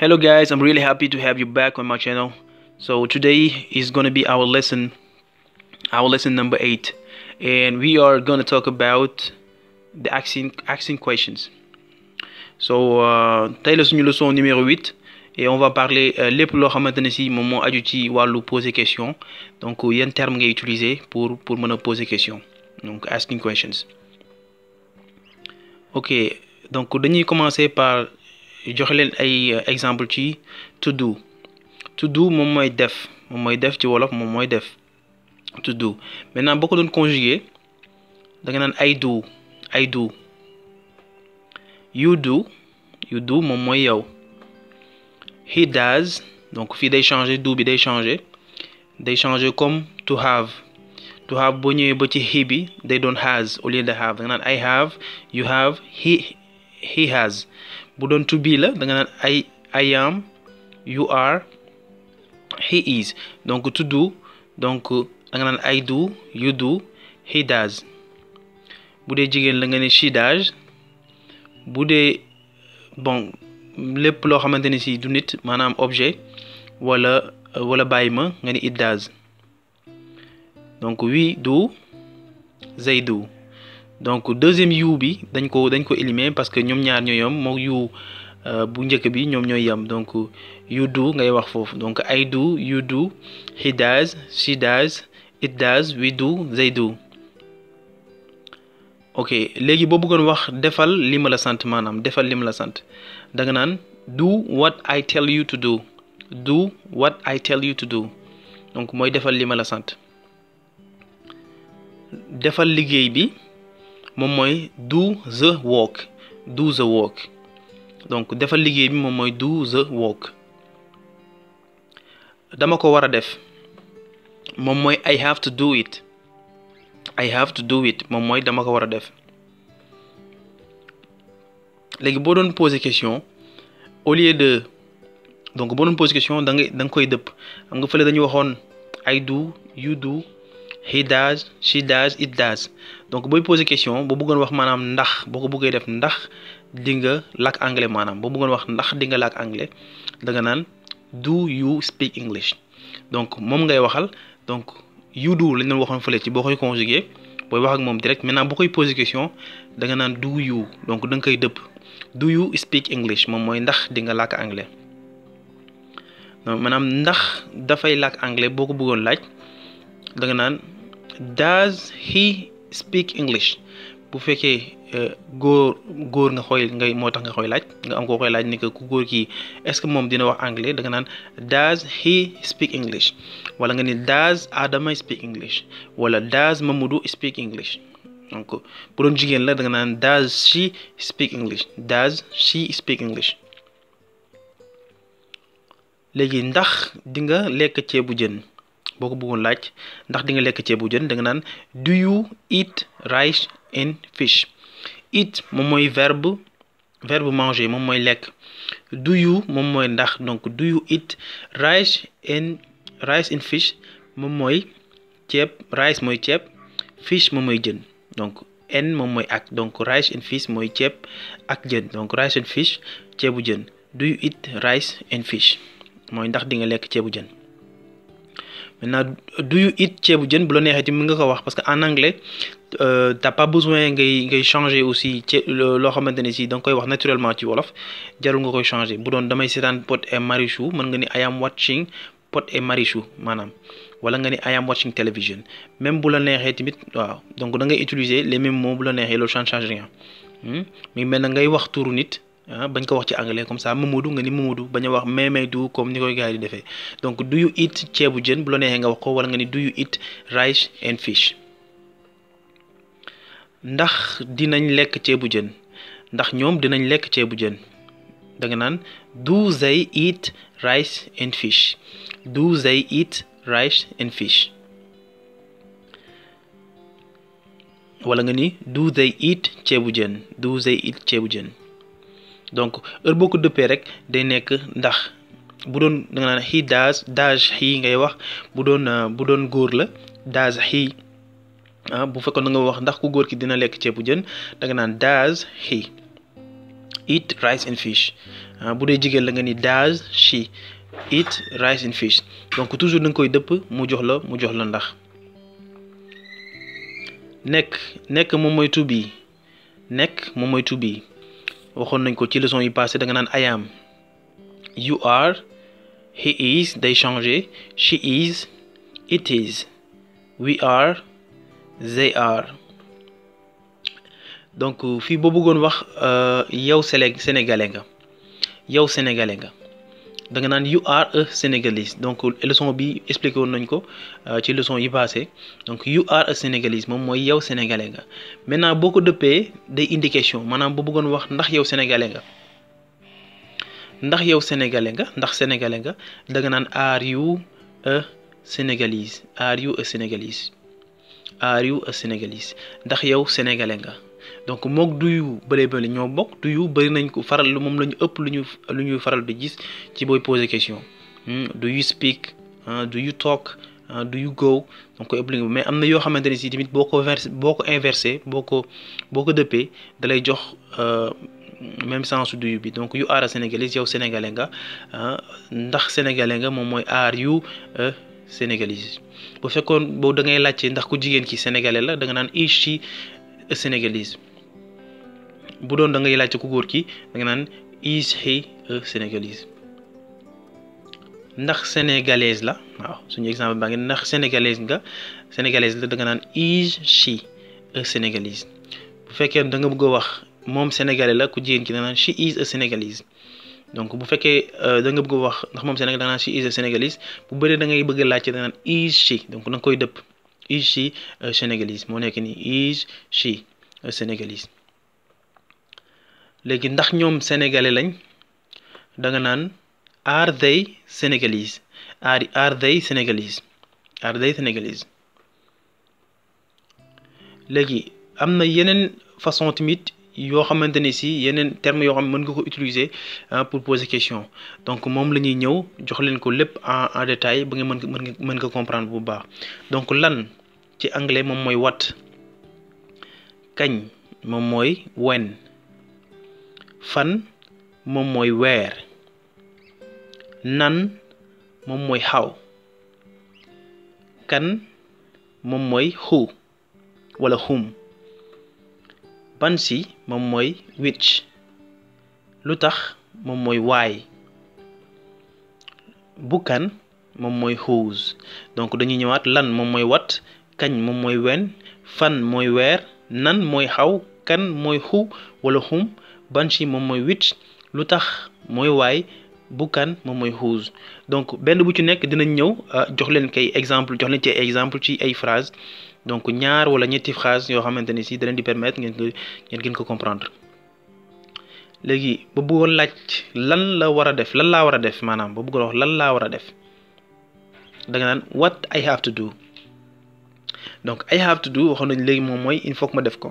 hello guys i'm really happy to have you back on my channel so today is gonna be our lesson our lesson number eight and we are gonna talk about the accent accent questions so uh, tey la suñu leçon numéro 8 et on va parler euh, lépp loo xamante ne si moom moo aju ci wàllu poser question donc yan terme ngay utiliser pour pour mën a poser question donc asking questions ok donc dañuy commencer par joxe leen ay euh, exemple ci to do to do moom mooy def moom mooy def ci wolof moom mooy def to do maintenant boo ko doon conjuguer da nga naan I do I do you do you do moom mooy yow he does donc fii day changer do bi day changer day changer comme to have to have boo ñëwee ba ci he bi day doon has au lieu de have da nga naan I have you have he he bu doon to be la danga nga naan I I am you donc to do donc danga nga naan I do you do bu dee jigéen la nga ne she does bu dee bon lépp loo xamante ne si du nit maanaam objet wala wala bàyyi ma nga ne it does donc we do they do donc deuxième yu bi dañ ko dañ ko éliminer parce que ñoom ñaar ñoo yem mook yu euh, bu njëkk bi ñoom ñooy yem donc yu du ngay wax foofu donc ay du yu du hidaz shidaz idaz wi du zaydu ok léegi boo bëggoon wax defal li ma la sant maanaam defal li ma la sant da nga naan do what I tell yu to do do what I tell you donc mooy defal li ma la sant defal liggéey bi moom mooy do the work do the donc defal liggéey bi moom mooy do the work dama ko war a def moom mooy I have to do it I have to do it moom mooy dama ko war a def léegi boo doon poser question au lieu de donc boo doon poser question da nga da koy dëpp xam nga fële dañu waxoon I do you do he does she does it does donc booy poser question boo bëggoon wax maanaam ndax boo ko bëggee def ndax di nga làkk anglais maanaam boo bëggoon wax ndax di nga làkk anglais da naan do you speak English donc moom ngay waxal donc you do lañ doon waxoon fële ci koy conjugué booy wax ak moom direct maintenant boo koy poser question da naan do you donc da nga koy dëpp do you speak English moom mooy ndax di nga làkk anglais. maanaam ndax dafay làkk anglais boo ko bëggoon laaj da nga naan does he speak English bu fekkee eh, góor góor nga xooy ngay moo tax nga xooy laaj nga am koo koy laaj ni ko ku góor kii est-ce que moom dina wax anglais danga naan does he speak English wala nga ni does Adama speak English wala does Mamadou speak English donc bu doon jigéen la danga naan does she speak English does she speak English léegi ndax di nga lekk ceebu jën boo ko bëggoon laaj ndax di nga lekk ceebu jën danga naan do you eat rice and fish eat moom mooy verbe verbe manger moom mooy lekk do you moom mooy ndax donc do you eat rice and fish moom mooy ceeb rice mooy ceeb fish moom mooy jën donc n moom mooy ak donc rice and fish mooy ceeb ak jën donc rice and fish ceebu jën do you eat rice and fish mooy ndax di nga lekk ceebu jën maintenant do you eat ceebu jën bu la neexee tamit nga ko wax parce que en anglais euh, t'as besoin ngay ngay changer aussi ci loo xamante ne si da nga koy wax naturellement ci wolof jarul nga koy changer bu doon damay seetaan Pod et Marichou mën nga ni I am watching Pod et Marichou maanaam wala nga ni I am watching television même bu la neexee tamit waaw donc da ngay utiliser les mêmes la neexee loolu change change rien hmm? ngay wax nit. ah bañ ko wax ci anglais comme ça Mamadou nga ni Mamadou bañ a wax Mamadou comme ni koy gars yi di defee donc do you eat ceebu jën bu la neexee nga wax ko wala nga ni do you eat ndax dinañ lekk ceebu jën ndax ñoom dinañ lekk ceebu jën da nga naan do they eat rice and fish do they eat rice wala nga ni do they ceebu jën do they eat ceebu jën donc heure boo ko dëppee rek day nekk ndax bu doon da naan xii daas daaj xii ngay wax bu doon euh, bu doon góor la daas xii ah bu fekkoon na nga wax ndax ku góor ki dina lekk ceebu jën da nga naan daas xii eat rice and fish ah, bu dee jigéen la nga ni daas she eat rice and donc toujours danga koy dëpp mu jox la mu jox la ndax nekk nekk moom mooy to nekk moom mooy to waxoon nañ ko ci leçon yi passé da nga naan I am you are he is day changer she is it is we are donc fii boo bëggoon wax euh, yow Sénégalais nga yow Sénégalais nga da nga naan you are a sénégalais donc leçon bi expliqué woon nañ ko euh, ci leçon yi passé donc you are a sénégalais moom mooy yow sénégalais nga maintenant boo ko dëppee day indi maanaam bu bëggoon wax ndax yow sénégalais nga ndax yow sénégalais nga ndax sénégalais nga da nga naan are you a sénégalais are you a sénégalais ndax yow sénégalais nga. donc mook duyu bëree bëri ñoo bokk duyu bëri nañ ko faral moom la ñu ëpp lu ñu lu ñuy faral di gis ci booy poser question hmm, do you speak do you talk do you go donc ko mais am na yoo xamante ne si tamit boo ko versé boo ko inversé boo ko boo ko dëppee da lay jox euh, même sens duyu bi donc yu aara sénégalais yow sénégalais nga ndax sénégalais nga moom mooy aar yu e, sénégalais bu fekkoon boobu da ngay laajte ndax ku jigéen ki sénégalais la da nga naan ich ci sénégalais bu doon da ngay laajte ku góor ki da nga naan is he a sénégalaise ndax sénégalaise la waaw suñu exemple baa ngi ndax sénégalaise nga sénégalaise la da nga naan is she a sénégalaise bu fekkee da nga bëgg a wax moom sénégalais la ku jigéen ki da nga naan donc bu fekkee euh, da nga bëgg a wax ndax moom sénégalais da nga naan she is a sénégalaise bu bëree da ngay bëgg a laajte da naan is she donc danga koy dëpp is she a sénégalaise moo nekk nii is she a sénégalaise léegi ndax ñoom sénégalais lañ da nga naan aar they sénégalais are are they sénégalais are they sénégalais léegi am na yeneen façon tamit yoo xamante ne si yeneen termes yoo xam mën nga ko utiliser ah, pour poser question donc moom lañuy ñëw jox leen ko lépp en en détail ba nga mën mën mën nga comprendre bu baax donc lan ci anglais moom mooy what kañ moom mooy when fan moom mooy weer nan moom mooy xaw kan moom mooy xu walla xum ban si moom mooy which lu tax moom mooy waay bu kan moom mooy whose donc dañuy ñëwaat lan moom mooy wat kañ moom mooy wen fan mooy weer nan mooy xaw kan mooy xu walla xum Banshee moom mooy witch lu tax mooy waay Bukan moom mooy who's donc benn bu ci nekk dinañ ñëw euh, jox leen kay exemple jox leen ci exemple ci ay phrase donc ñaar wala ñetti phrase yoo xamante ni si danañ di permettre ngeen ko ngeen gën ko comprendre léegi ba bëggoon laaj lan la war a def lan laa war a def maanaam ba bëggoon wax lan laa war a def danga nga naan what I have to do donc I have to do waxoon nañ léegi moom mooy il faut que ma def ko.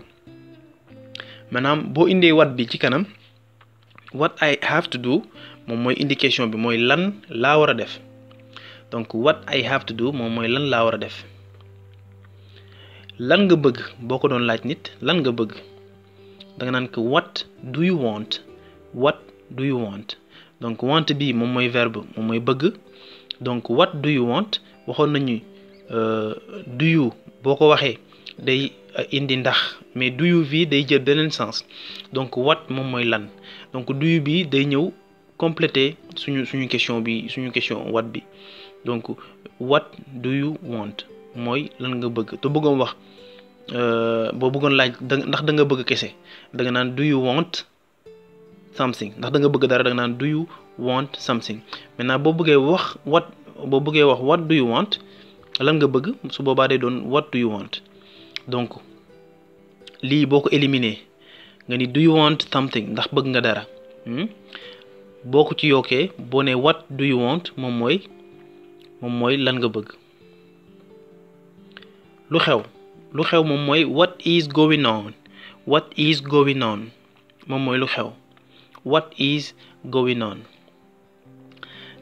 maanaam boo indee what bi ci kanam what I have to do moom mooy indication bi mooy lan laa war a def donc what I have moom mooy lan laa war a def lan nga bëgg boo ko doon laaj nit lan nga bëgg da nga naan ko what do you want what do you want donc want bi moom mooy verbe moom mooy bëgg donc what do you want waxoon nañu euh, do you boo ko waxee. day euh, indi ndax mais do you day jël beneen sens donc what moom mooy lan donc do you bi day ñëw compléter suñu suñu question bi suñu question wat bi donc what do you want mooy lan nga bëgg te bëggoon wax euh, boo bëggoon laaj ndax danga bëgg kese da nga naan do you want something ndax danga bëgg dara da naan do you want something maintenant boo bëggee wax what boo bëggee wax what do you want lan nga bëgg su boobaa dee doon what do you want donc lii boo ko éliminer nga ni do you want something ndax bëgg nga dara hmm? boo ko ci yokkee boo ne what do you want moom mooy moom mooy lan nga bëgg lu xew lu xew moom mooy what is going on what is going on moom mooy lu xew what is going on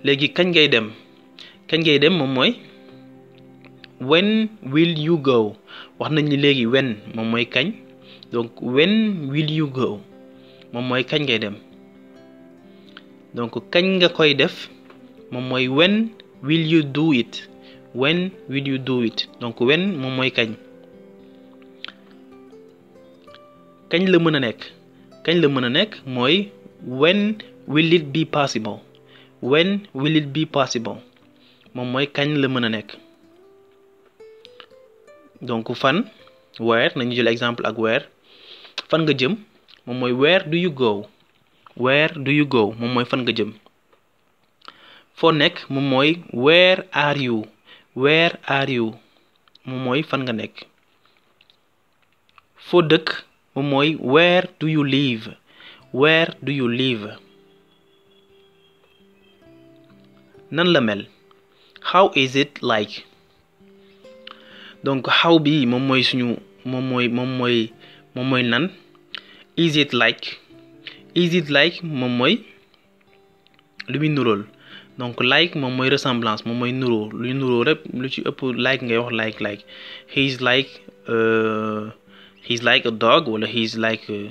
léegi kañ ngay dem kañ ngay dem moom mooy when will you go wax nañ ni léegi when moom mooy kañ donc when will you go moom mooy kañ ngay dem donc kañ nga koy def moom mooy when will you do it when will you do it donc when moom mooy kañ kañ la mën a nekk kañ la mën a nekk mooy when will it be possible when will it be possible moom mooy kañ la mën a nekk donc fan where nañu jël exemple ak weer fan nga jëm moom mooy where do you go where do you go moom mooy fan nga jëm foo nekk moom mooy where are you where are you moom mooy fan nga nekk foo dëkk moom mooy where do you live where do you live nan la mel how is it like donc xaw bi moom mooy suñu moom mooy moom mooy moom mooy nan is it like is it like moom mooy lu muy nurool donc like moom mooy resemblance moom mooy nuroo luy nuroo rek lu ci ëpp like ngay wax like like he is like uh, he is like a dog wala he is like uh,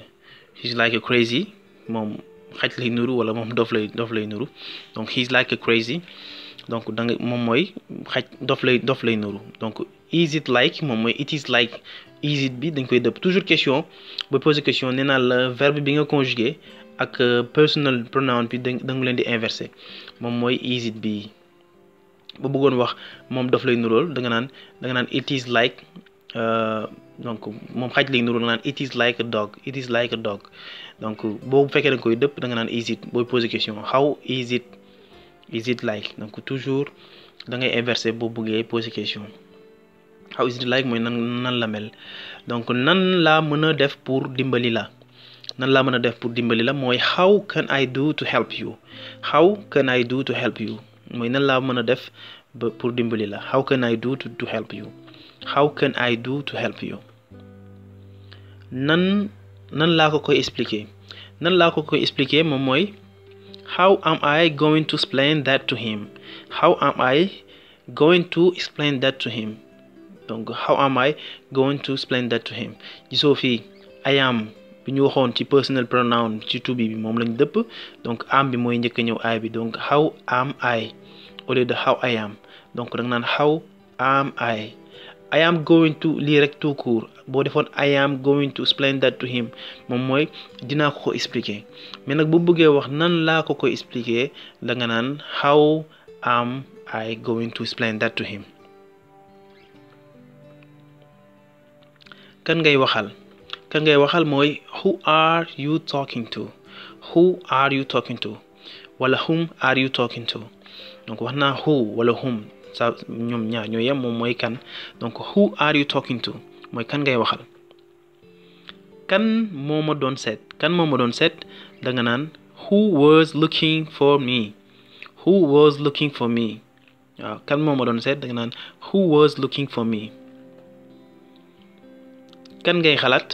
he is a crazy moom xaj lay nuru wala moom dof lay dof lay nuru donc he is like a crazy donc da nga moom mooy xaj dof lay dof lay nuru donc is it like moom mooy it is like is bi dañ koy dëpp toujours question ba poser question nee naa la verbe bi nga conjugué ak euh, personal pronoun bi da nga leen di inversé moom mooy is it bi bëggoon wax moom daf lay nuróol da nga naan da nga naan it is like euh, donc moom xaj lay nuróol da naan it is like a dog it is like donc boo fekkee da koy dëpp danga naan is booy poser question how is it is like donc toujours da ngay inversé boo bëggee poser question. how is it mooy nan nan la mel donc nan laa mën a def pour dimbali la nan laa mën a def pour dimbali la mooy how can I do to help you how can I do to help you mooy nan laa mën a def ba pour dimbali la how can I do to, to help you how can nan nan laa ko koy expliquer nan laa ko koy expliquer moom mooy how am I going to explain that to him how am I going to explain that to him donc how am I going to explain that to him gisoo fii I am bi ñu waxoon ci personal pronoun ci to be bi moom lañ dëpp donc am bi mooy njëkk a ñëw ay bi donc how am I au de how I am donc da nga naan how am I am going to lii rek tout court boo defoon I am going to explain that to him moom mooy dinaa ko ko expliquer mais nag bu bëggee wax nan laa ko koy expliquer da nga naan how am I going to explain that to him kan ngay waxal kan ngay waxal mooy who are you talking to who are you talking to wala whom are you talking to donc wax naa who walla whom sa ñoom ñaar ñoo yem moom mooy kan donc who are you talking to mooy kan ngay waxal kan moo ma doon seet kan moo ma doon seet da nga naan who was looking for me who was looking for me waaw kan moo ma doon seet da nga naan who was looking for me kan ngay xalaat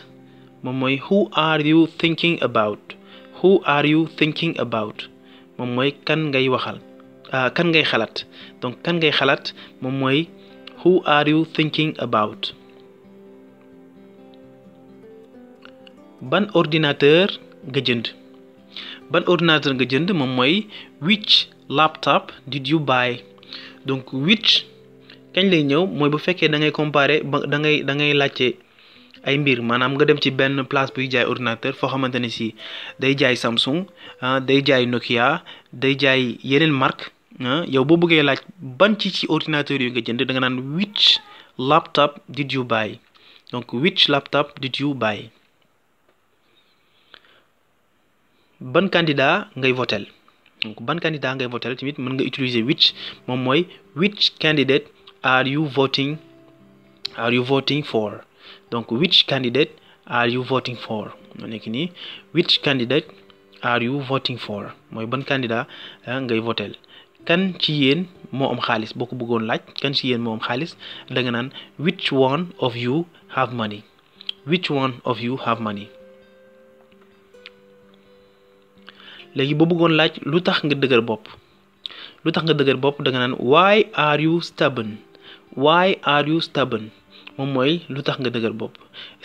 moom mooy who are you thinking about who are you thinking moom mooy kan ngay waxal ah, kan ngay xalaat donc kan ngay xalaat moom mooy who are you thinking ban ordinateur nga jënd ban ordinateur nga jënd moom mooy which laptop did you buy kañ lay ñëw mooy bu fekkee da ngay comparer da ay mbir maanaam nga dem ci benn place buy jaay ordinateur foo xamante ne si day jaay Samsung ah, day jaay Nokia day jaay yeneen mark ah, yow boo buggee laaj ban ci ci ordinateur yooyu nga jënd da nga naan which laptop did you buy donc which laptop did you buy ban candidat ngay votel donc ban candidat ngay votel tamit mën nga utiliser which moom mooy which candidate are you voting are you voting for donc which candidate are you voting for nekk nii which candidate mooy ban candidat eh, ngay votel kan ci yéen moo am xaalis boo ko bëggoon laaj kan ci yéen moo am xaalis danga naan which one of you have money léegi boo bëggoon laaj lu tax nga dëgër bopp lu tax nga dëgër bopp danga nga naan why are you stubborn why are you stubborn moom mooy lu tax nga dëgër bopp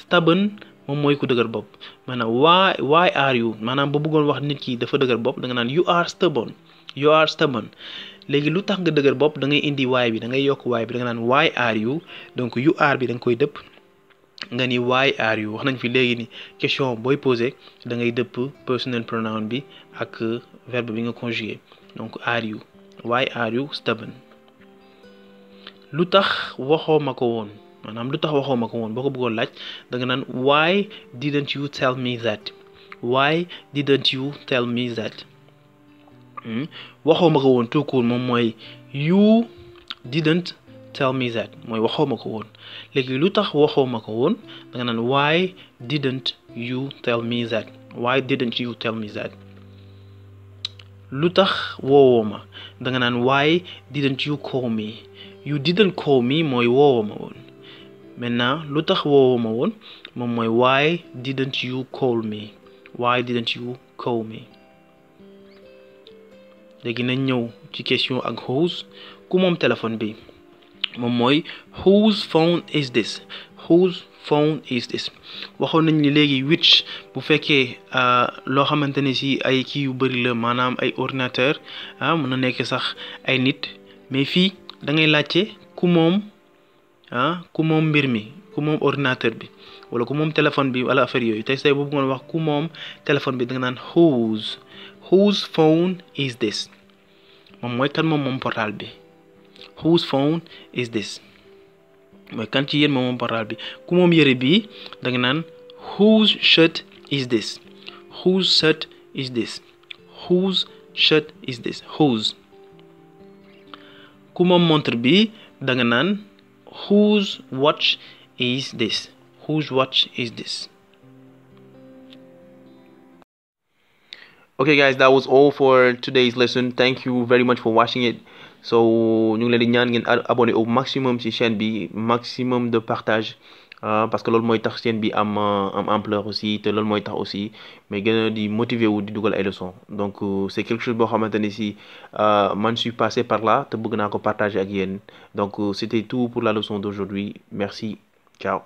stubborn moom mooy ku dëgër bopp maanaam why why aar yu maanaam ba bëggoon wax nit ki dafa dëgër bopp da naan you are stubborn you are léegi lu tax nga dëgër bopp da ngay indi why bi da ngay yokk why bi da nga naan why are you donc you are bi danga koy dëpp nga ni waaye aar yu wax nañ fi léegi ni question booy posé da ngay dëpp personal pronoun bi ak verbe bi nga conjugué donc are you why are you lu tax waxoo ma ko woon maanaam lu tax waxoo ma ko woon boo ko bëggoon da nga naan why didn't you tell me that why didn't you tell me that hmm? waxoo ma ko woon tout moom mooy you didn't tell me that mooy waxoo ma ko léegi lu tax waxoo ma ko woon da nga naan why didn't you tell me that why didn't you tell me that lu tax woowoo ma da nga naan why didn't you call me you didn't call me mooy woowoo ma maintenant lu tax woowu woon moom mooy why didn't you call me why didn't you call me léegi nañ ñëw ci question ak whose ku moom téléphone bi moom mooy whose phone is this whose phone is this waxoon nañ ni léegi which bu fekkee ah, loo xamante ne si ay kii yu bëri la maanaam ay ordinateur ah mën na nekk sax ay nit mais fii da ngay laajte ku moom ah ku moom mbir mi ku moom ordinateur bi wala ku moom téléphone bi wala affaire yooyu tey say bu bëggoon wax ku moom téléphone bi da naan whose whose moom mooy kan moom moom portable bi whose phone is ci yéen moom bi ku moom yëre bii da nga naan whose shirt is this whose shirt is this whose shirt ku moom montre bi da nga naan whose watch is this whose watch is this ok guys that was all for today's lesson thank you very much for watching it so ñu ngi leen di ñaan ngeen abonné au maximum ci chaîne bi maximum de partage Ah, parce que loolu mooy tax seen bi am euh, am ampleur aussi te loolu mooy tax aussi mais gën di motiver wu di dugal ay leçons donc euh, c'est quelque chose boo xamante ni si euh, man suis passé par la te bëgg naa ko partager ak yéen donc c'était tout pour la leçon d'aujourd'hui merci ciao